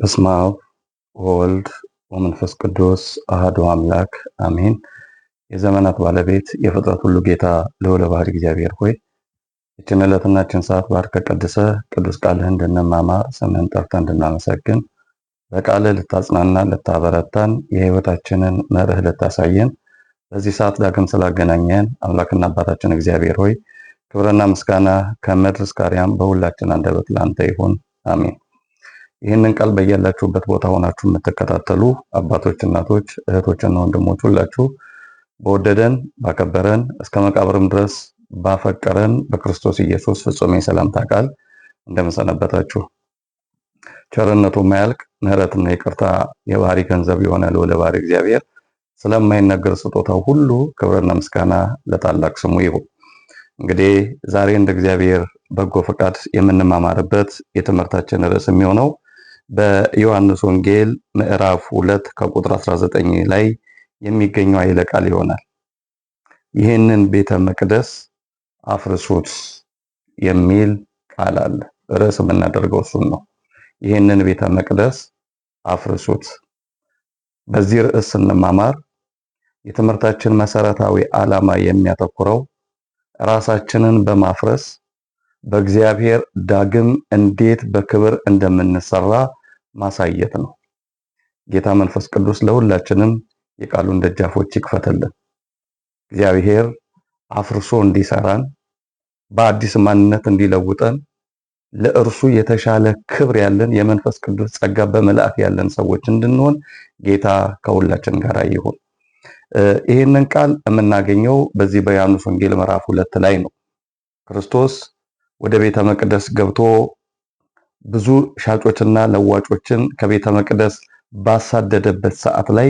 በስመ አብ ወወልድ ወመንፈስ ቅዱስ አህዶ አምላክ አሜን። የዘመናት ባለቤት የፍጥረት ሁሉ ጌታ ልዑለ ባሕርይ እግዚአብሔር ሆይ ይችን ሰዓት ባርከ ቀድሰ ቅዱስ ቃልህ እንድንማማር ስምህን ጠርተ እንድናመሰግን በቃልህ ልታጽናና ልታበረታን የህይወታችንን መርህ ልታሳየን በዚህ ሰዓት ዳግም ስላገናኘን አምላክና አባታችን እግዚአብሔር ሆይ ክብርና ምስጋና ከምድር እስከ አርያም በሁላችን አንደበት ለአንተ ይሁን፣ አሜን። ይህንን ቃል በያላችሁበት ቦታ ሆናችሁ የምትከታተሉ አባቶች፣ እናቶች፣ እህቶችና ወንድሞች ሁላችሁ በወደደን ባከበረን እስከ መቃብርም ድረስ ባፈቀረን በክርስቶስ ኢየሱስ ፍጹም የሰላምታ ቃል እንደምንሰነበታችሁ ቸርነቱ ማያልቅ ምሕረትና ይቅርታ የባህሪ ገንዘብ የሆነ ልዑለ ባህሪ እግዚአብሔር ስለማይነገር ስጦታው ሁሉ ክብርና ምስጋና ለታላቅ ስሙ ይሁን። እንግዲህ ዛሬ እንደ እግዚአብሔር በጎ ፈቃድ የምንማማርበት የትምህርታችን ርዕስ የሚሆነው በዮሐንስ ወንጌል ምዕራፍ 2 ከቁጥር 19 ላይ የሚገኘው ኃይለ ቃል ይሆናል። ይህንን ቤተ መቅደስ አፍርሱት የሚል ቃል አለ። ርዕስ የምናደርገው እሱን ነው። ይህንን ቤተ መቅደስ አፍርሱት። በዚህ ርዕስ ስንማማር የትምህርታችን መሰረታዊ ዓላማ የሚያተኩረው ራሳችንን በማፍረስ በእግዚአብሔር ዳግም እንዴት በክብር እንደምንሰራ ማሳየት ነው። ጌታ መንፈስ ቅዱስ ለሁላችንም የቃሉን ደጃፎች ይክፈትልን እግዚአብሔር አፍርሶ እንዲሰራን በአዲስ ማንነት እንዲለውጠን ለእርሱ የተሻለ ክብር ያለን የመንፈስ ቅዱስ ጸጋ በመልአክ ያለን ሰዎች እንድንሆን ጌታ ከሁላችን ጋር ይሁን። ይህንን ቃል የምናገኘው በዚህ በዮሐንስ ወንጌል ምዕራፍ ሁለት ላይ ነው። ክርስቶስ ወደ ቤተ መቅደስ ገብቶ ብዙ ሻጮችና ለዋጮችን ከቤተ መቅደስ ባሳደደበት ሰዓት ላይ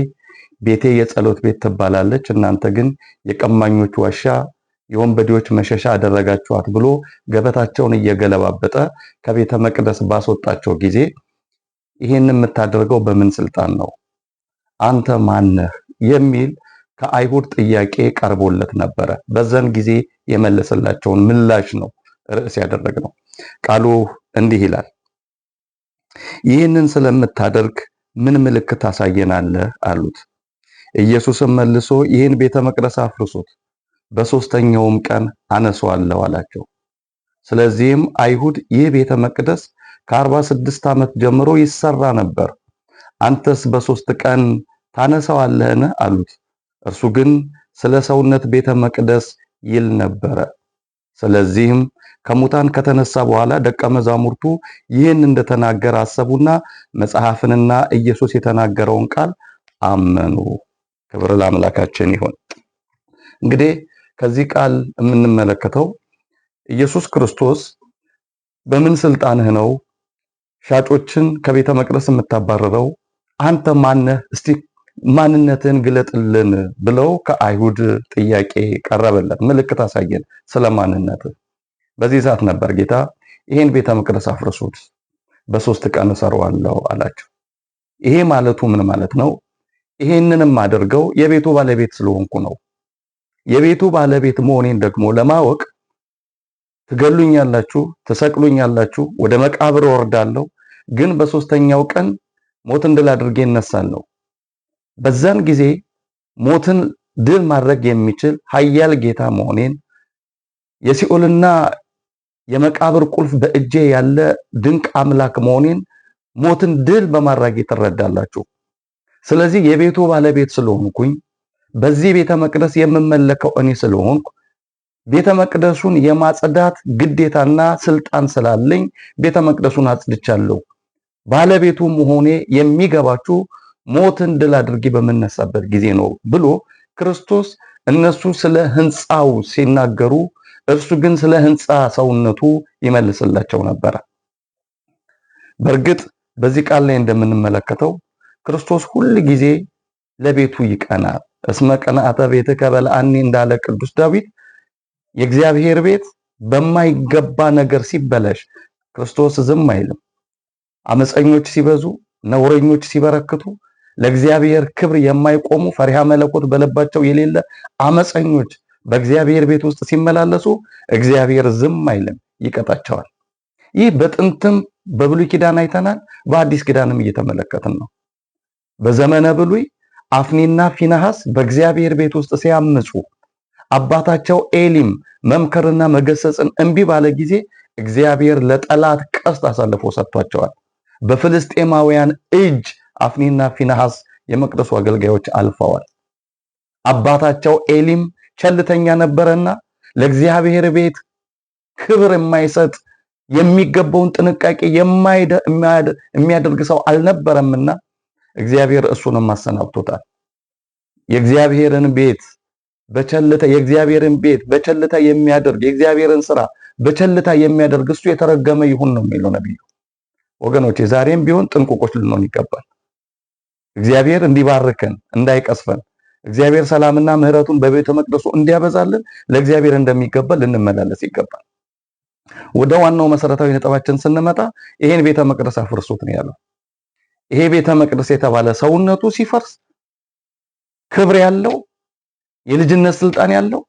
ቤቴ የጸሎት ቤት ትባላለች፣ እናንተ ግን የቀማኞች ዋሻ፣ የወንበዴዎች መሸሻ አደረጋችኋት ብሎ ገበታቸውን እየገለባበጠ ከቤተ መቅደስ ባስወጣቸው ጊዜ ይህን የምታደርገው በምን ስልጣን ነው? አንተ ማነህ? የሚል ከአይሁድ ጥያቄ ቀርቦለት ነበረ። በዛን ጊዜ የመለሰላቸውን ምላሽ ነው ርዕስ ያደረግ ነው። ቃሉ እንዲህ ይላል። ይህንን ስለምታደርግ ምን ምልክት ታሳየናለህ? አሉት። ኢየሱስም መልሶ ይህን ቤተ መቅደስ አፍርሱት፣ በሦስተኛውም ቀን አነሳዋለሁ አላቸው። ስለዚህም አይሁድ ይህ ቤተ መቅደስ ከአርባ ስድስት ዓመት ጀምሮ ይሰራ ነበር፣ አንተስ በሦስት ቀን ታነሳዋለህን? አሉት። እርሱ ግን ስለ ሰውነት ቤተ መቅደስ ይል ነበረ። ስለዚህም ከሙታን ከተነሳ በኋላ ደቀ መዛሙርቱ ይህን እንደተናገረ አሰቡና መጽሐፍንና ኢየሱስ የተናገረውን ቃል አመኑ። ክብር ለአምላካችን ይሁን። እንግዲህ ከዚህ ቃል የምንመለከተው ኢየሱስ ክርስቶስ በምን ስልጣንህ ነው ሻጮችን ከቤተ መቅደስ የምታባረረው? አንተ ማነህ? እስቲ ማንነትን ግለጥልን ብለው ከአይሁድ ጥያቄ ቀረበለት። ምልክት አሳየን ስለ ማንነትህ በዚህ ሰዓት ነበር ጌታ ይሄን ቤተ መቅደስ አፍርሱት በሶስት ቀን እሰራዋለሁ አላቸው። ይሄ ማለቱ ምን ማለት ነው? ይሄንንም አድርገው የቤቱ ባለቤት ስለሆንኩ ነው። የቤቱ ባለቤት መሆኔን ደግሞ ለማወቅ ትገሉኛላችሁ፣ ትሰቅሉኛላችሁ፣ ወደ መቃብር ወርዳለሁ፣ ግን በሶስተኛው ቀን ሞትን ድል አድርጌ እነሳለሁ። በዛን ጊዜ ሞትን ድል ማድረግ የሚችል ኃያል ጌታ መሆኔን የሲኦልና የመቃብር ቁልፍ በእጄ ያለ ድንቅ አምላክ መሆኔን ሞትን ድል በማድረጌ ትረዳላችሁ። ስለዚህ የቤቱ ባለቤት ስለሆንኩኝ በዚህ ቤተ መቅደስ የምመለከው እኔ ስለሆንኩ ቤተ መቅደሱን የማጽዳት ግዴታና ስልጣን ስላለኝ ቤተ መቅደሱን አጽድቻለሁ። ባለቤቱ መሆኔ የሚገባችሁ ሞትን ድል አድርጌ በምነሳበት ጊዜ ነው ብሎ ክርስቶስ እነሱ ስለ ሕንፃው ሲናገሩ እርሱ ግን ስለ ሕንፃ ሰውነቱ ይመልስላቸው ነበር። በእርግጥ በዚህ ቃል ላይ እንደምንመለከተው ክርስቶስ ሁል ጊዜ ለቤቱ ይቀናል። እስመ ቤተ ቤትከ በልዐኒ እንዳለ ቅዱስ ዳዊት የእግዚአብሔር ቤት በማይገባ ነገር ሲበለሽ ክርስቶስ ዝም አይልም። አመፀኞች ሲበዙ፣ ነውረኞች ሲበረክቱ፣ ለእግዚአብሔር ክብር የማይቆሙ ፈሪሃ መለኮት በልባቸው የሌለ አመፀኞች በእግዚአብሔር ቤት ውስጥ ሲመላለሱ እግዚአብሔር ዝም አይልም፣ ይቀጣቸዋል። ይህ በጥንትም በብሉይ ኪዳን አይተናል፣ በአዲስ ኪዳንም እየተመለከትን ነው። በዘመነ ብሉይ አፍኒና ፊናሐስ በእግዚአብሔር ቤት ውስጥ ሲያምፁ አባታቸው ኤሊም መምከርና መገሰጽን እምቢ ባለ ጊዜ እግዚአብሔር ለጠላት ቀስት አሳልፎ ሰጥቷቸዋል። በፍልስጤማውያን እጅ አፍኒና ፊናሐስ የመቅደሱ አገልጋዮች አልፈዋል። አባታቸው ኤሊም ቸልተኛ ነበረና ለእግዚአብሔር ቤት ክብር የማይሰጥ የሚገባውን ጥንቃቄ የሚያደርግ ሰው አልነበረምና እግዚአብሔር እሱንም አሰናብቶታል። የእግዚአብሔርን ቤት በቸልታ የእግዚአብሔርን ቤት በቸልታ የሚያደርግ የእግዚአብሔርን ስራ በቸልታ የሚያደርግ እሱ የተረገመ ይሁን ነው የሚለው ነቢዩ። ወገኖቼ ዛሬም ቢሆን ጥንቁቆች ልንሆን ይገባል። እግዚአብሔር እንዲባርከን እንዳይቀስፈን እግዚአብሔር ሰላምና ምሕረቱን በቤተ መቅደሱ እንዲያበዛልን ለእግዚአብሔር እንደሚገባ ልንመላለስ ይገባል። ወደ ዋናው መሰረታዊ ነጥባችን ስንመጣ ይሄን ቤተ መቅደስ አፍርሱት ነው ያለው። ይሄ ቤተ መቅደስ የተባለ ሰውነቱ ሲፈርስ ክብር ያለው የልጅነት ስልጣን ያለው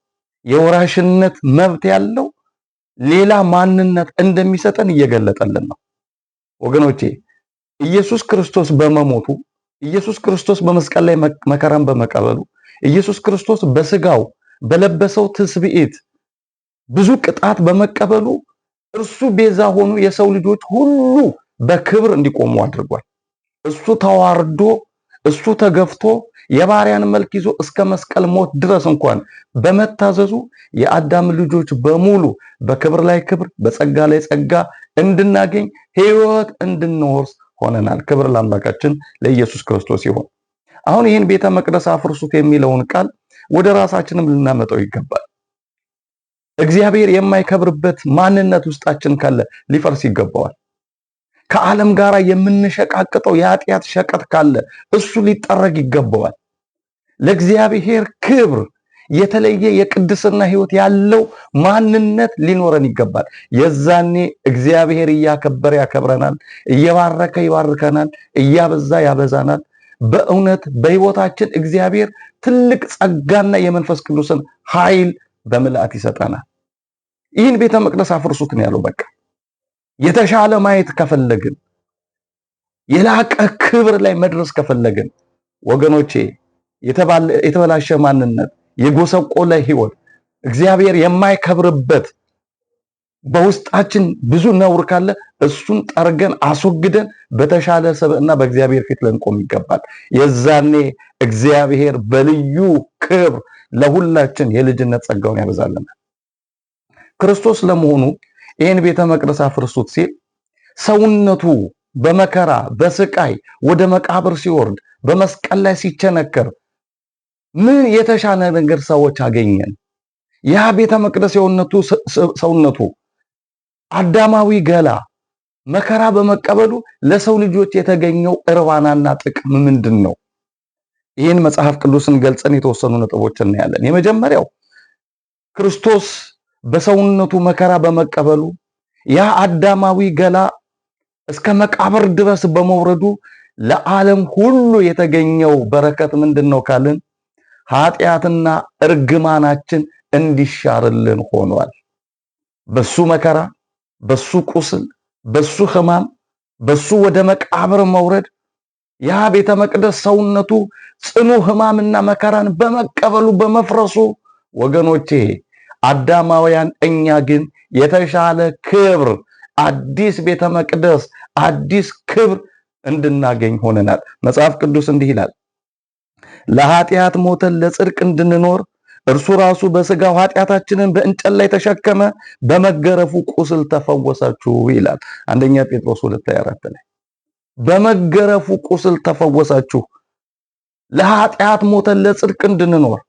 የወራሽነት መብት ያለው ሌላ ማንነት እንደሚሰጠን እየገለጠልን ነው። ወገኖቼ ኢየሱስ ክርስቶስ በመሞቱ ኢየሱስ ክርስቶስ በመስቀል ላይ መከራን በመቀበሉ ኢየሱስ ክርስቶስ በስጋው በለበሰው ትስብእት ብዙ ቅጣት በመቀበሉ እርሱ ቤዛ ሆኑ የሰው ልጆች ሁሉ በክብር እንዲቆሙ አድርጓል። እሱ ተዋርዶ እሱ ተገፍቶ የባሪያን መልክ ይዞ እስከ መስቀል ሞት ድረስ እንኳን በመታዘዙ የአዳም ልጆች በሙሉ በክብር ላይ ክብር፣ በጸጋ ላይ ጸጋ እንድናገኝ ሕይወት እንድንወርስ ሆነናል። ክብር ለአምላካችን ለኢየሱስ ክርስቶስ ይሁን። አሁን ይህን ቤተ መቅደስ አፍርሱት የሚለውን ቃል ወደ ራሳችንም ልናመጣው ይገባል። እግዚአብሔር የማይከብርበት ማንነት ውስጣችን ካለ ሊፈርስ ይገባዋል። ከዓለም ጋር የምንሸቃቅጠው የኃጢአት ሸቀጥ ካለ እሱ ሊጠረግ ይገባዋል። ለእግዚአብሔር ክብር የተለየ የቅድስና ህይወት ያለው ማንነት ሊኖረን ይገባል። የዛኔ እግዚአብሔር እያከበረ ያከብረናል፣ እየባረከ ይባርከናል፣ እያበዛ ያበዛናል። በእውነት በህይወታችን እግዚአብሔር ትልቅ ጸጋና የመንፈስ ቅዱስን ኃይል በምልአት ይሰጠናል። ይህን ቤተ መቅደስ አፍርሱት ነው ያለው። በቃ የተሻለ ማየት ከፈለግን የላቀ ክብር ላይ መድረስ ከፈለግን ወገኖቼ የተበላሸ ማንነት የጎሰቆለ ህይወት እግዚአብሔር የማይከብርበት በውስጣችን ብዙ ነውር ካለ እሱን ጠርገን አስወግደን በተሻለ ሰብእና በእግዚአብሔር ፊት ልንቆም ይገባል። የዛኔ እግዚአብሔር በልዩ ክብር ለሁላችን የልጅነት ጸጋውን ያበዛልናል። ክርስቶስ ለመሆኑ ይህን ቤተ መቅደስ አፍርሱት ሲል ሰውነቱ በመከራ በስቃይ ወደ መቃብር ሲወርድ በመስቀል ላይ ሲቸነከር ምን የተሻለ ነገር ሰዎች አገኘን? ያ ቤተ መቅደስ የሆነቱ ሰውነቱ አዳማዊ ገላ መከራ በመቀበሉ ለሰው ልጆች የተገኘው እርባናና ጥቅም ምንድን ነው? ይህን መጽሐፍ ቅዱስን ገልጸን የተወሰኑ ነጥቦች እናያለን። የመጀመሪያው ክርስቶስ በሰውነቱ መከራ በመቀበሉ ያ አዳማዊ ገላ እስከ መቃብር ድረስ በመውረዱ ለዓለም ሁሉ የተገኘው በረከት ምንድን ነው ካልን ኃጢአትና እርግማናችን እንዲሻርልን ሆኗል። በሱ መከራ፣ በሱ ቁስል፣ በሱ ህማም በሱ ወደ መቃብር መውረድ ያ ቤተ መቅደስ ሰውነቱ ጽኑ ህማምና መከራን በመቀበሉ በመፍረሱ ወገኖቼ አዳማውያን እኛ ግን የተሻለ ክብር አዲስ ቤተ መቅደስ አዲስ ክብር እንድናገኝ ሆነናል። መጽሐፍ ቅዱስ እንዲህ ይላል ለኃጢአት ሞተን ለጽድቅ እንድንኖር እርሱ ራሱ በስጋው ኃጢአታችንን በእንጨት ላይ ተሸከመ፣ በመገረፉ ቁስል ተፈወሳችሁ ይላል አንደኛ ጴጥሮስ 2:24 ላይ በመገረፉ ቁስል ተፈወሳችሁ። ለኃጢአት ሞተን ለጽድቅ እንድንኖር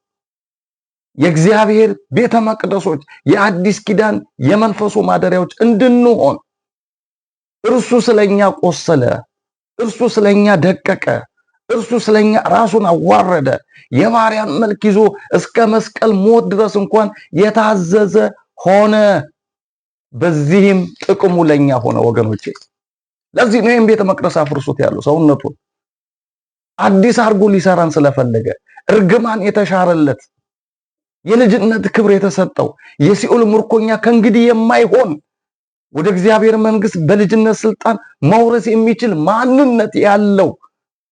የእግዚአብሔር ቤተ መቅደሶች የአዲስ ኪዳን የመንፈሱ ማደሪያዎች እንድንሆን እርሱ ስለኛ ቆሰለ፣ እርሱ ስለኛ ደቀቀ። እርሱ ስለኛ ራሱን አዋረደ፣ የባሪያን መልክ ይዞ እስከ መስቀል ሞት ድረስ እንኳን የታዘዘ ሆነ። በዚህም ጥቅሙ ለኛ ሆነ። ወገኖቼ ለዚህ ነው ይህም ቤተ መቅደስ አፍርሶት ያለው ሰውነቱን አዲስ አድርጎ ሊሰራን ስለፈለገ እርግማን የተሻረለት የልጅነት ክብር የተሰጠው የሲኦል ምርኮኛ ከእንግዲህ የማይሆን ወደ እግዚአብሔር መንግስት በልጅነት ስልጣን መውረስ የሚችል ማንነት ያለው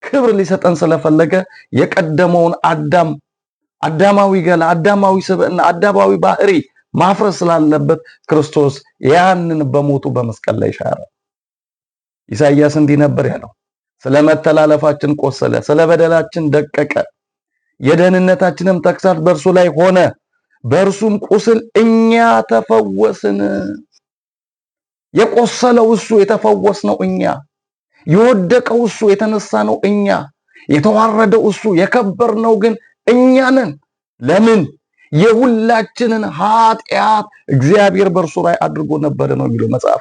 ክብር ሊሰጠን ስለፈለገ የቀደመውን አዳም አዳማዊ ገላ፣ አዳማዊ ስብዕና፣ አዳማዊ ባህሪ ማፍረስ ስላለበት ክርስቶስ ያንን በሞቱ በመስቀል ላይ ሻረ። ኢሳይያስ እንዲህ ነበር ያለው፣ ስለ መተላለፋችን ቆሰለ፣ ስለ በደላችን ደቀቀ፣ የደህንነታችንም ተክሳት በእርሱ ላይ ሆነ፣ በእርሱም ቁስል እኛ ተፈወስን። የቆሰለው እሱ የተፈወስነው እኛ የወደቀው እሱ የተነሳ ነው እኛ የተዋረደው እሱ የከበርነው ግን እኛ ለምን የሁላችንን ኃጢአት እግዚአብሔር በእርሱ ላይ አድርጎ ነበረ ነው የሚለው መጽሐፍ።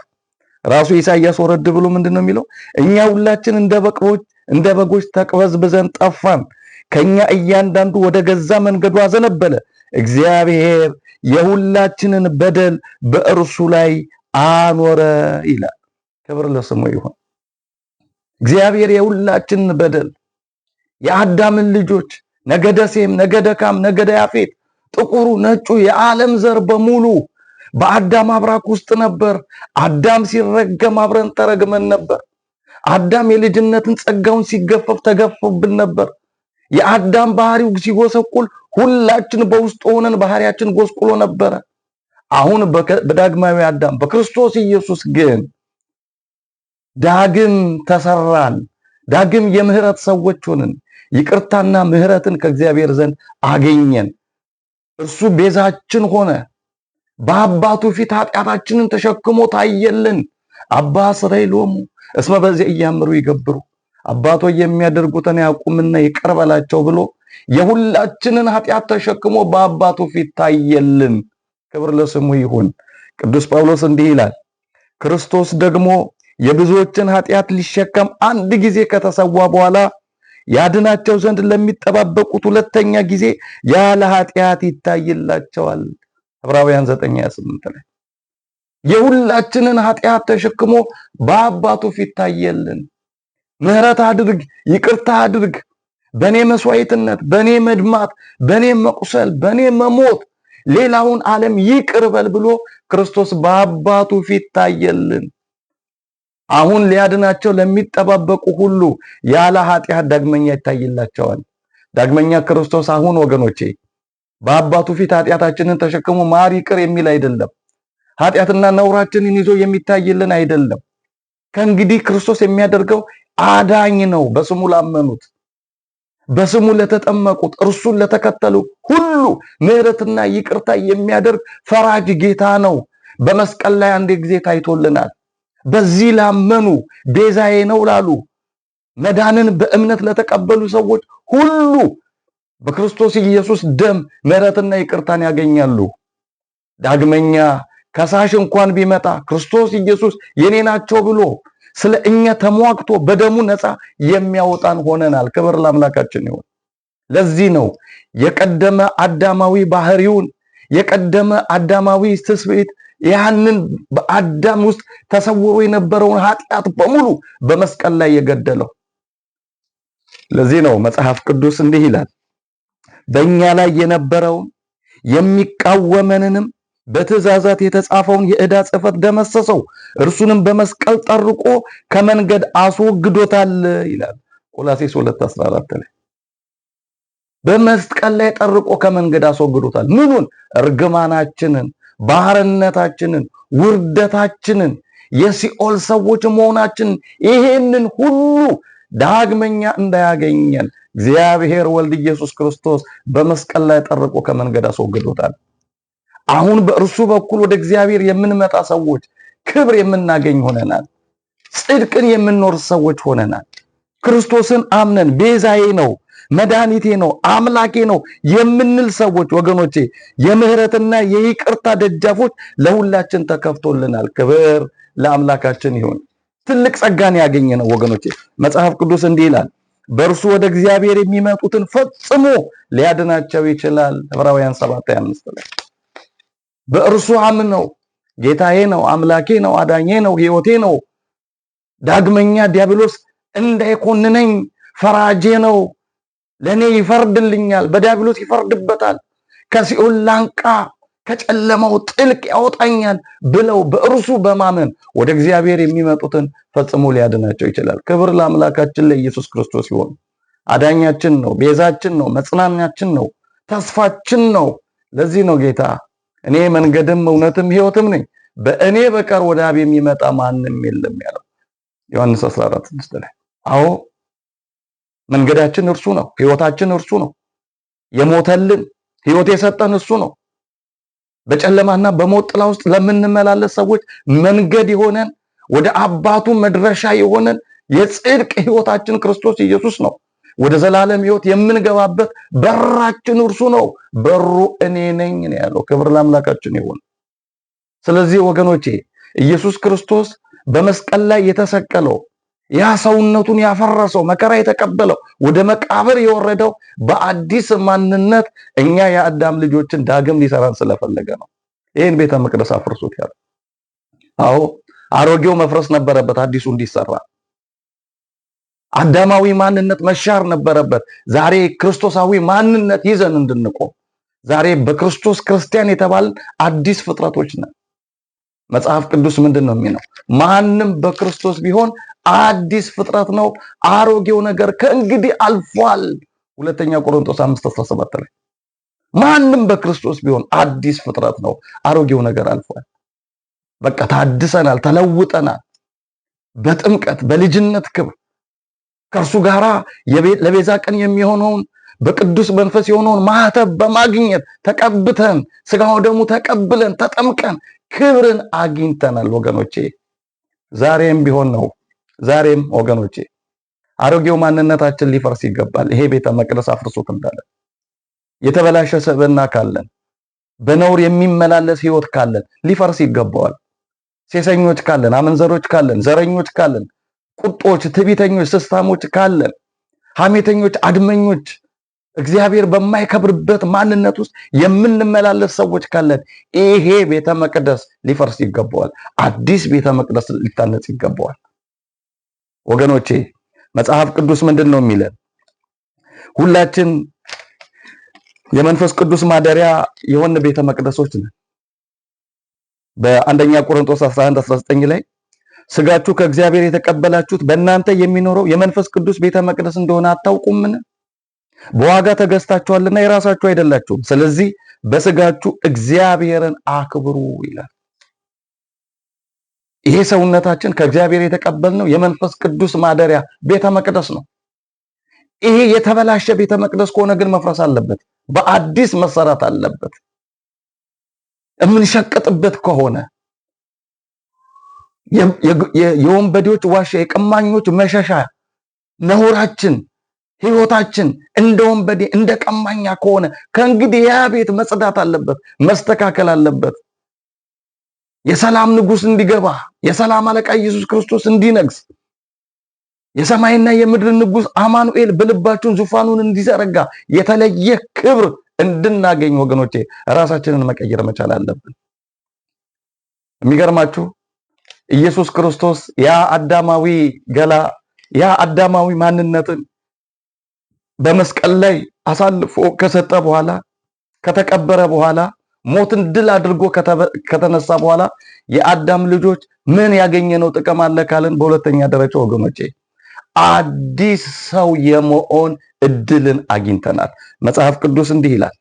ራሱ ኢሳይያስ ወረድ ብሎ ምንድን ነው የሚለው? እኛ ሁላችን እንደ በቅሎች እንደ በጎች ተቅበዝብዘን ጠፋን፣ ከኛ እያንዳንዱ ወደ ገዛ መንገዱ አዘነበለ። እግዚአብሔር የሁላችንን በደል በእርሱ ላይ አኖረ ይላል። ክብር ለስሙ ይሁን። እግዚአብሔር የሁላችንን በደል የአዳምን ልጆች ነገደ ሴም፣ ነገደ ካም፣ ነገደ ያፌት፣ ጥቁሩ፣ ነጩ የዓለም ዘር በሙሉ በአዳም አብራክ ውስጥ ነበር። አዳም ሲረገም አብረን ተረግመን ነበር። አዳም የልጅነትን ጸጋውን ሲገፈፍ ተገፎብን ነበር። የአዳም ባህሪው ሲጎሰቁል ሁላችን በውስጡ ሆነን ባህሪያችን ጎስቁሎ ነበረ። አሁን በዳግማዊ አዳም በክርስቶስ ኢየሱስ ግን ዳግም ተሰራን። ዳግም የምህረት ሰዎች ሆንን። ይቅርታና ምህረትን ከእግዚአብሔር ዘንድ አገኘን። እርሱ ቤዛችን ሆነ። በአባቱ ፊት ኃጢአታችንን ተሸክሞ ታየልን። አባ ስረይ ሎሙ እስመ በዚያ እያምሩ ይገብሩ፣ አባቶ የሚያደርጉትን ያቁምና ይቅር በላቸው ብሎ የሁላችንን ኃጢአት ተሸክሞ በአባቱ ፊት ታየልን። ክብር ለስሙ ይሁን። ቅዱስ ጳውሎስ እንዲህ ይላል ክርስቶስ ደግሞ የብዙዎችን ኃጢአት ሊሸከም አንድ ጊዜ ከተሰዋ በኋላ ያድናቸው ዘንድ ለሚጠባበቁት ሁለተኛ ጊዜ ያለ ኃጢአት ይታይላቸዋል። ዕብራውያን 9:28 ላይ የሁላችንን ኃጢአት ተሸክሞ በአባቱ ፊት ታየልን። ምህረት አድርግ፣ ይቅርታ አድርግ። በኔ መስዋዕትነት፣ በኔ መድማት፣ በኔ መቁሰል፣ በኔ መሞት ሌላውን ዓለም ይቅርበል ብሎ ክርስቶስ በአባቱ ፊት ታየልን። አሁን ሊያድናቸው ለሚጠባበቁ ሁሉ ያለ ኃጢአት ዳግመኛ ይታይላቸዋል። ዳግመኛ ክርስቶስ አሁን ወገኖቼ በአባቱ ፊት ኃጢአታችንን ተሸክሞ ማር ይቅር የሚል አይደለም። ኃጢአትና ነውራችንን ይዞ የሚታይልን አይደለም። ከእንግዲህ ክርስቶስ የሚያደርገው አዳኝ ነው። በስሙ ላመኑት፣ በስሙ ለተጠመቁት፣ እርሱን ለተከተሉ ሁሉ ምሕረትና ይቅርታ የሚያደርግ ፈራጅ ጌታ ነው። በመስቀል ላይ አንድ ጊዜ ታይቶልናል። በዚህ ላመኑ ቤዛዬ ነው ላሉ መዳንን በእምነት ለተቀበሉ ሰዎች ሁሉ በክርስቶስ ኢየሱስ ደም ምሕረትና ይቅርታን ያገኛሉ። ዳግመኛ ከሳሽ እንኳን ቢመጣ ክርስቶስ ኢየሱስ የኔ ናቸው ብሎ ስለ እኛ ተሟግቶ በደሙ ነፃ የሚያወጣን ሆነናል። ክብር ለአምላካችን ይሁን። ለዚህ ነው የቀደመ አዳማዊ ባህሪውን የቀደመ አዳማዊ ትስብእት ያንን በአዳም ውስጥ ተሰውሮ የነበረውን ኃጢአት በሙሉ በመስቀል ላይ የገደለው። ለዚህ ነው መጽሐፍ ቅዱስ እንዲህ ይላል፣ በእኛ ላይ የነበረውን የሚቃወመንንም በትእዛዛት የተጻፈውን የዕዳ ጽሕፈት ደመሰሰው፣ እርሱንም በመስቀል ጠርቆ ከመንገድ አስወግዶታል ይላል ቆላሴስ 2:14 ላይ በመስቀል ላይ ጠርቆ ከመንገድ አስወግዶታል። ምኑን? እርግማናችንን ባህርነታችንን ውርደታችንን፣ የሲኦል ሰዎች መሆናችንን ይሄንን ሁሉ ዳግመኛ እንዳያገኘን እግዚአብሔር ወልድ ኢየሱስ ክርስቶስ በመስቀል ላይ ጠርቆ ከመንገድ አስወግዶታል። አሁን በእርሱ በኩል ወደ እግዚአብሔር የምንመጣ ሰዎች ክብር የምናገኝ ሆነናል። ጽድቅን የምንኖር ሰዎች ሆነናል። ክርስቶስን አምነን ቤዛዬ ነው መድኃኒቴ ነው አምላኬ ነው የምንል ሰዎች ወገኖቼ፣ የምህረትና የይቅርታ ደጃፎች ለሁላችን ተከፍቶልናል። ክብር ለአምላካችን ይሁን። ትልቅ ጸጋን ያገኘ ነው ወገኖቼ። መጽሐፍ ቅዱስ እንዲህ ይላል፣ በእርሱ ወደ እግዚአብሔር የሚመጡትን ፈጽሞ ሊያድናቸው ይችላል። ዕብራውያን 7:25 ላይ በእርሱ አምነው ጌታዬ ነው አምላኬ ነው አዳኜ ነው ህይወቴ ነው ዳግመኛ ዲያብሎስ እንዳይኮንነኝ ፈራጄ ነው ለእኔ ይፈርድልኛል፣ በዲያብሎስ ይፈርድበታል፣ ከሲኦል ላንቃ ከጨለማው ጥልቅ ያወጣኛል ብለው በእርሱ በማመን ወደ እግዚአብሔር የሚመጡትን ፈጽሞ ሊያድናቸው ይችላል። ክብር ለአምላካችን ለኢየሱስ ክርስቶስ ይሆን። አዳኛችን ነው፣ ቤዛችን ነው፣ መጽናኛችን ነው፣ ተስፋችን ነው። ለዚህ ነው ጌታ እኔ መንገድም እውነትም ሕይወትም ነኝ በእኔ በቀር ወደ አብ የሚመጣ ማንም የለም ያለው ዮሐንስ 14 ላይ። አዎ መንገዳችን እርሱ ነው። ህይወታችን እርሱ ነው። የሞተልን ህይወት የሰጠን እሱ ነው። በጨለማና በሞት ጥላ ውስጥ ለምንመላለስ ሰዎች መንገድ የሆነን ወደ አባቱ መድረሻ የሆነን የጽድቅ ህይወታችን ክርስቶስ ኢየሱስ ነው። ወደ ዘላለም ህይወት የምንገባበት በራችን እርሱ ነው። በሩ እኔ ነኝ ነው ያለው። ክብር ለአምላካችን ይሁን። ስለዚህ ወገኖቼ ኢየሱስ ክርስቶስ በመስቀል ላይ የተሰቀለው ያ ሰውነቱን ያፈረሰው መከራ የተቀበለው ወደ መቃብር የወረደው በአዲስ ማንነት እኛ የአዳም ልጆችን ዳግም ሊሰራን ስለፈለገ ነው። ይህን ቤተ መቅደስ አፍርሱት ያለ። አዎ አሮጌው መፍረስ ነበረበት አዲሱ እንዲሰራ። አዳማዊ ማንነት መሻር ነበረበት። ዛሬ ክርስቶሳዊ ማንነት ይዘን እንድንቆም ዛሬ በክርስቶስ ክርስቲያን የተባልን አዲስ ፍጥረቶች ነን። መጽሐፍ ቅዱስ ምንድን ነው የሚለው? ማንም በክርስቶስ ቢሆን አዲስ ፍጥረት ነው። አሮጌው ነገር ከእንግዲህ አልፏል። ሁለተኛ ቆሮንቶስ 5:17 ላይ ማንም በክርስቶስ ቢሆን አዲስ ፍጥረት ነው፣ አሮጌው ነገር አልፏል። በቃ ታድሰናል፣ ተለውጠናል። በጥምቀት በልጅነት ክብር ከእርሱ ጋራ ለቤዛ ቀን የሚሆነውን በቅዱስ መንፈስ የሆነውን ማህተብ በማግኘት ተቀብተን ስጋው ደግሞ ተቀብለን ተጠምቀን ክብርን አግኝተናል። ወገኖቼ ዛሬም ቢሆን ነው ዛሬም ወገኖቼ አሮጌው ማንነታችን ሊፈርስ ይገባል። ይሄ ቤተ መቅደስ አፍርሶት እንዳለን የተበላሸ ስብዕና ካለን በነውር የሚመላለስ ህይወት ካለን ሊፈርስ ይገባዋል። ሴሰኞች ካለን፣ አመንዘሮች ካለን፣ ዘረኞች ካለን፣ ቁጦች፣ ትቢተኞች፣ ስስታሞች ካለን፣ ሐሜተኞች፣ አድመኞች እግዚአብሔር በማይከብርበት ማንነት ውስጥ የምንመላለስ ሰዎች ካለን ይሄ ቤተ መቅደስ ሊፈርስ ይገባዋል። አዲስ ቤተ መቅደስ ሊታነጽ ይገባዋል። ወገኖቼ መጽሐፍ ቅዱስ ምንድን ነው የሚለን? ሁላችን የመንፈስ ቅዱስ ማደሪያ የሆነ ቤተ መቅደሶች ነን። በአንደኛ ቆሮንቶስ 11 19 ላይ ስጋችሁ ከእግዚአብሔር የተቀበላችሁት በእናንተ የሚኖረው የመንፈስ ቅዱስ ቤተ መቅደስ እንደሆነ አታውቁምን? በዋጋ ተገዝታችኋልና የራሳችሁ አይደላችሁም። ስለዚህ በስጋችሁ እግዚአብሔርን አክብሩ ይላል። ይሄ ሰውነታችን ከእግዚአብሔር የተቀበልነው የመንፈስ ቅዱስ ማደሪያ ቤተ መቅደስ ነው። ይሄ የተበላሸ ቤተ መቅደስ ከሆነ ግን መፍረስ አለበት፣ በአዲስ መሰራት አለበት። የምንሸቅጥበት ከሆነ የወንበዴዎች ዋሻ፣ የቀማኞች መሸሻ፣ ነውራችን፣ ህይወታችን እንደ ወንበዴ እንደ ቀማኛ ከሆነ ከእንግዲህ ያ ቤት መጽዳት አለበት፣ መስተካከል አለበት። የሰላም ንጉስ እንዲገባ የሰላም አለቃ ኢየሱስ ክርስቶስ እንዲነግስ የሰማይና የምድር ንጉስ አማኑኤል በልባችን ዙፋኑን እንዲዘረጋ የተለየ ክብር እንድናገኝ ወገኖቼ ራሳችንን መቀየር መቻል አለብን። የሚገርማችሁ ኢየሱስ ክርስቶስ ያ አዳማዊ ገላ ያ አዳማዊ ማንነትን በመስቀል ላይ አሳልፎ ከሰጠ በኋላ ከተቀበረ በኋላ ሞትን ድል አድርጎ ከተነሳ በኋላ የአዳም ልጆች ምን ያገኘነው ጥቅም አለ ካለን፣ በሁለተኛ ደረጃ ወገኖቼ አዲስ ሰው የመሆን እድልን አግኝተናል። መጽሐፍ ቅዱስ እንዲህ ይላል፣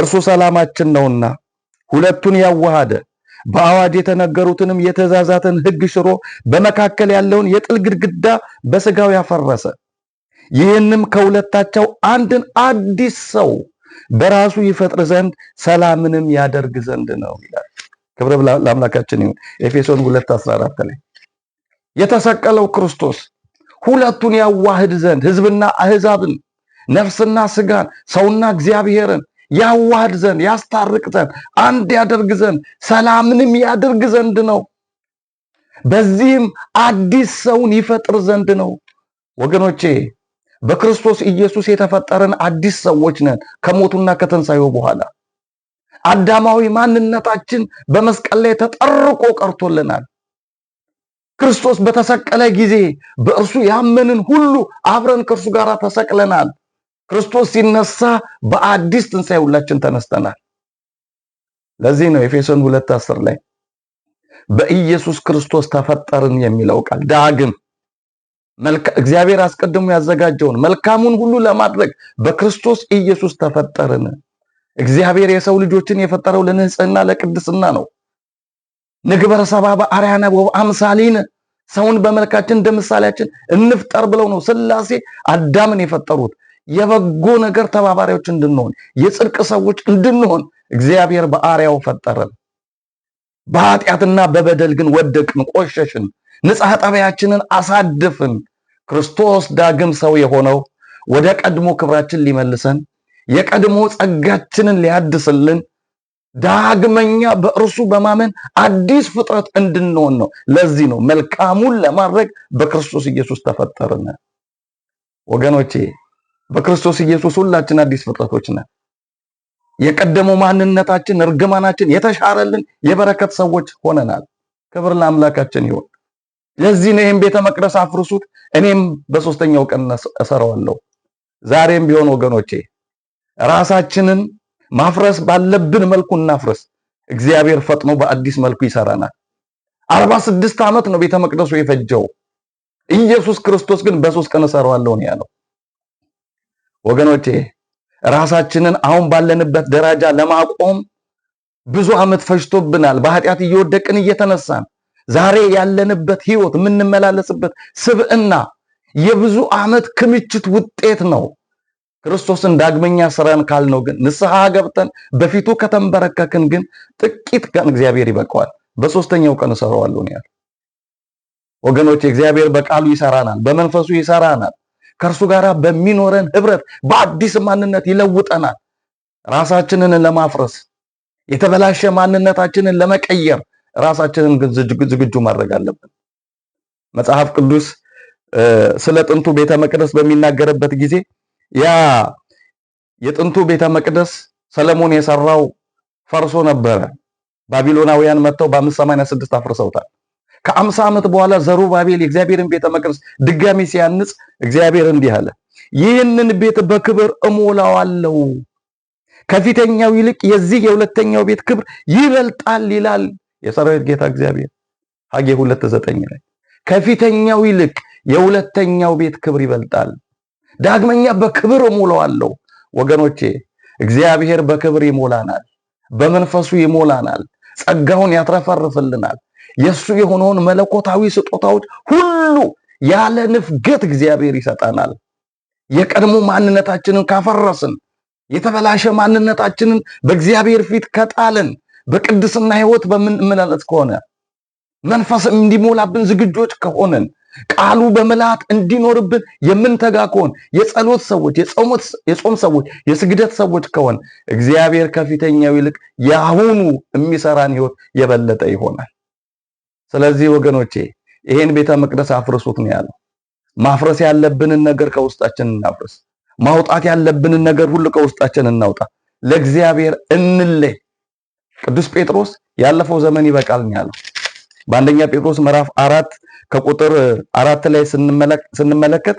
እርሱ ሰላማችን ነውና ሁለቱን ያዋሃደ በአዋጅ የተነገሩትንም የትእዛዛትን ሕግ ሽሮ በመካከል ያለውን የጥል ግድግዳ በስጋው ያፈረሰ ይህንም ከሁለታቸው አንድን አዲስ ሰው በራሱ ይፈጥር ዘንድ ሰላምንም ያደርግ ዘንድ ነው ይላል። ክብር ለአምላካችን ይሁን። ኤፌሶን 2:14 ላይ የተሰቀለው ክርስቶስ ሁለቱን ያዋህድ ዘንድ ህዝብና አህዛብን፣ ነፍስና ስጋን፣ ሰውና እግዚአብሔርን ያዋህድ ዘንድ ያስታርቅ ዘንድ አንድ ያደርግ ዘንድ ሰላምንም ያደርግ ዘንድ ነው። በዚህም አዲስ ሰውን ይፈጥር ዘንድ ነው ወገኖቼ በክርስቶስ ኢየሱስ የተፈጠረን አዲስ ሰዎች ነን ከሞቱና ከትንሣኤው በኋላ አዳማዊ ማንነታችን በመስቀል ላይ ተጠርቆ ቀርቶልናል። ክርስቶስ በተሰቀለ ጊዜ በእርሱ ያመንን ሁሉ አብረን ከእርሱ ጋር ተሰቅለናል። ክርስቶስ ሲነሳ በአዲስ ትንሣኤ ሁላችን ተነስተናል። ለዚህ ነው ኤፌሶን ሁለት አስር ላይ በኢየሱስ ክርስቶስ ተፈጠርን የሚለው ቃል ዳግም እግዚአብሔር አስቀድሞ ያዘጋጀውን መልካሙን ሁሉ ለማድረግ በክርስቶስ ኢየሱስ ተፈጠርን። እግዚአብሔር የሰው ልጆችን የፈጠረው ለንጽህና ለቅድስና ነው። ንግበር ሰብአ በአርአያነ ወበአምሳሊነ ሰውን በመልካችን እንደ ምሳሌያችን እንፍጠር ብለው ነው ስላሴ አዳምን የፈጠሩት የበጎ ነገር ተባባሪዎች እንድንሆን የጽድቅ ሰዎች እንድንሆን እግዚአብሔር በአርያው ፈጠረን። በኃጢአትና በበደል ግን ወደቅን፣ ቆሸሽን፣ ንጽሐ ጠባያችንን አሳድፍን። ክርስቶስ ዳግም ሰው የሆነው ወደ ቀድሞ ክብራችን ሊመልሰን የቀድሞ ጸጋችንን ሊያድስልን ዳግመኛ በእርሱ በማመን አዲስ ፍጥረት እንድንሆን ነው። ለዚህ ነው መልካሙን ለማድረግ በክርስቶስ ኢየሱስ ተፈጠርን። ወገኖቼ በክርስቶስ ኢየሱስ ሁላችን አዲስ ፍጥረቶች ነን። የቀደመው ማንነታችን፣ እርግማናችን የተሻረልን የበረከት ሰዎች ሆነናል። ክብር ለአምላካችን ይሁን። ለዚህ ነው ይህም ቤተ መቅደስ አፍርሱት፣ እኔም በሶስተኛው ቀን እሰራዋለሁ። ዛሬም ቢሆን ወገኖቼ ራሳችንን ማፍረስ ባለብን መልኩ እናፍርስ። እግዚአብሔር ፈጥኖ በአዲስ መልኩ ይሰራናል። አርባ ስድስት ዓመት ነው ቤተ መቅደሱ የፈጀው። ኢየሱስ ክርስቶስ ግን በሶስት ቀን እሰራዋለሁ ነው ያለው። ወገኖቼ ራሳችንን አሁን ባለንበት ደረጃ ለማቆም ብዙ ዓመት ፈጅቶብናል። በኃጢአት እየወደቅን እየተነሳን ዛሬ ያለንበት ህይወት የምንመላለስበት ስብዕና የብዙ ዓመት ክምችት ውጤት ነው። ክርስቶስን ዳግመኛ ስረን ካልነው ግን ንስሐ ገብተን በፊቱ ከተንበረከክን ግን ጥቂት ቀን እግዚአብሔር ይበቀዋል። በሶስተኛው ቀን እሰራዋለሁ ነው ወገኖች እግዚአብሔር በቃሉ ይሰራናል፣ በመንፈሱ ይሰራናል፣ ከእርሱ ጋር በሚኖረን ህብረት በአዲስ ማንነት ይለውጠናል። ራሳችንን ለማፍረስ የተበላሸ ማንነታችንን ለመቀየር ራሳችንን ግን ዝግጁ ማድረግ አለብን። መጽሐፍ ቅዱስ ስለ ጥንቱ ቤተ መቅደስ በሚናገርበት ጊዜ ያ የጥንቱ ቤተ መቅደስ ሰለሞን የሰራው ፈርሶ ነበረ። ባቢሎናውያን መጥተው በ586 አፍርሰውታል። ከአምሳ ዓመት በኋላ ዘሩባቤል የእግዚአብሔርን ቤተ መቅደስ ድጋሚ ሲያንጽ እግዚአብሔር እንዲህ አለ፣ ይህንን ቤት በክብር እሞላዋለሁ፣ ከፊተኛው ይልቅ የዚህ የሁለተኛው ቤት ክብር ይበልጣል ይላል የሰራዊት ጌታ እግዚአብሔር ሐጌ ሁለት ዘጠኝ ላይ ከፊተኛው ይልቅ የሁለተኛው ቤት ክብር ይበልጣል፣ ዳግመኛ በክብር እሞላዋለሁ። ወገኖቼ እግዚአብሔር በክብር ይሞላናል፣ በመንፈሱ ይሞላናል፣ ጸጋውን ያትረፈርፍልናል። የእሱ የሆነውን መለኮታዊ ስጦታዎች ሁሉ ያለ ንፍገት እግዚአብሔር ይሰጠናል። የቀድሞ ማንነታችንን ካፈረስን የተበላሸ ማንነታችንን በእግዚአብሔር ፊት ከጣልን በቅድስና ህይወት በምንመላለስ ከሆነ መንፈስ እንዲሞላብን ዝግጆች ከሆነን ቃሉ በመላት እንዲኖርብን የምንተጋ ከሆን የጸሎት ሰዎች፣ የጾም ሰዎች፣ የስግደት ሰዎች ከሆን እግዚአብሔር ከፊተኛው ይልቅ የአሁኑ የሚሰራን ህይወት የበለጠ ይሆናል። ስለዚህ ወገኖቼ ይሄን ቤተ መቅደስ አፍርሱት ነው ያለው። ማፍረስ ያለብንን ነገር ከውስጣችን እናፍርስ። ማውጣት ያለብንን ነገር ሁሉ ከውስጣችን እናውጣ። ለእግዚአብሔር እንለይ። ቅዱስ ጴጥሮስ ያለፈው ዘመን ይበቃል ያለው በአንደኛ ጴጥሮስ ምዕራፍ አራት ከቁጥር አራት ላይ ስንመለከት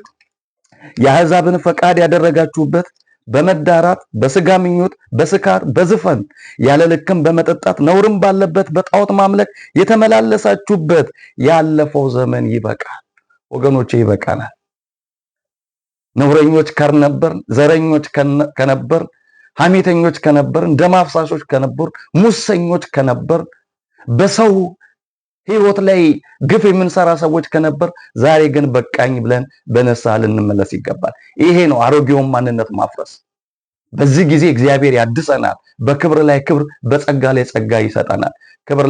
የአሕዛብን ፈቃድ ያደረጋችሁበት በመዳራት በስጋ ምኞት በስካር በዝፈን ያለ ልክም በመጠጣት ነውርም ባለበት በጣዖት ማምለክ የተመላለሳችሁበት ያለፈው ዘመን ይበቃል። ወገኖቼ ይበቃናል። ነውረኞች ከነበር፣ ዘረኞች ከነበር ሐሜተኞች ከነበርን፣ ደም አፍሳሾች ከነበርን፣ ሙሰኞች ከነበርን፣ በሰው ህይወት ላይ ግፍ የምንሰራ ሰዎች ከነበር፣ ዛሬ ግን በቃኝ ብለን በንስሐ ልንመለስ ይገባል። ይሄ ነው አሮጌውን ማንነት ማፍረስ። በዚህ ጊዜ እግዚአብሔር ያድሰናል። በክብር ላይ ክብር፣ በጸጋ ላይ ጸጋ ይሰጠናል። ክብር